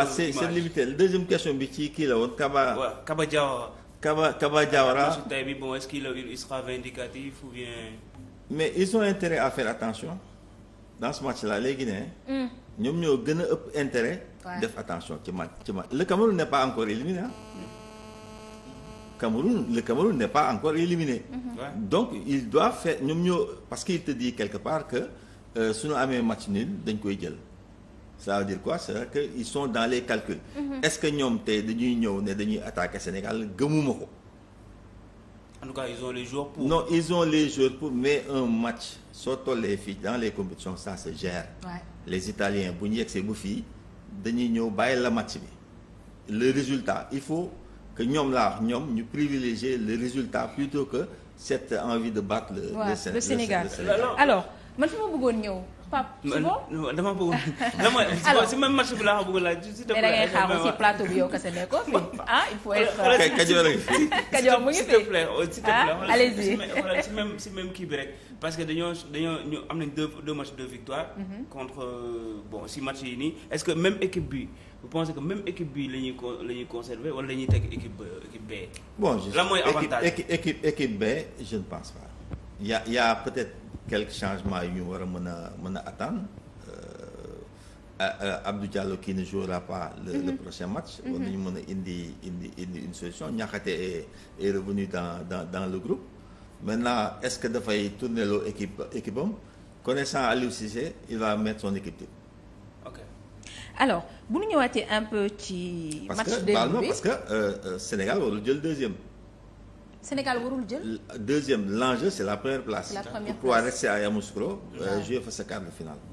waaw c'est c'est deuxième question bi ci kii la woon Kaba. waaw Kaba Diawara. Kaba Kaba Diawara. su tey bi bon est-ce mais ils ont intérêt à faire attention dans ce match là les Guinéens. Hmm. ñoom ñoo gën a ëpp intérêt. def attention ci match ci match le Cameroun n'est pas encore éliminé ah. Cameroun le Cameroun n'est pas encore éliminé. Mmh. donc ils doivent faire ñoom ñoo parce qu'il te dit quelque part que euh, suñu amee match nul dañ koy jël. ça veut dire quoi c'est que ils sont dans les calculs mm est-ce que ñoom tey dañuy ñëw ne dañuy attaquer Sénégal gëmuma ko en tout cas ils ont les jours pour les jours pour mais un match soo tollee fii dans les compétitions ça se gère les Italiens bu ñu yegsee bu fii dañuy ñëw bàyyi la match bi le résultat il faut que ñoom la ñoom ñu privilégier le résultat plutôt que cette envie de battre le, ouais, le, le, le Sénégal alors man fi ma bëggoon ñëw Pape c'est bon dama bëggoon lan mooy si même match bi laa bëgg laaj. si dëkk da ngay xaar aussi plateau bi yow kese nekkoo fi ah il faut a Kajoor Kajoor mu ngi fi oh, s'il te plaît s'il te plaît. allez-y wala si même si même kii bi rek. parce que dañoo dañoo ñu am de deux deux matchs deux victoires. Mhm. Euh, bon si match yi nii est-ce que même équipe bi. vous pensez que même équipe bi la ñuy con la ñuy conserver wala la ñuy euh, bon je lan mooy avantage équipe équipe je ne pense pas. y a y a peut-être quelques changements yu ñu war a mën a mën a attendre euh, euh, euh, Abdou Diallo qui ne jouera pas le, mm -hmm. le mm-hmm. prochain match. Mm-hmm. war nañu mën a indi indi indi une solution Niakhaté est est revenu dans dans dans le groupe maintenant est-ce que dafay tourner équipe équipe am connaissant Aliou Cissé il va mettre son équipe type. ok alors bu ñu ñëwaatee un peu ci. match de parce que, parce que euh, Sénégal warul jël deuxième. Sénégal warul jël. deuxième l'enjeu c'est la première place. la première place pour pouvoir rester à Yamoussoukro. Euh, jouer face à quart de finale.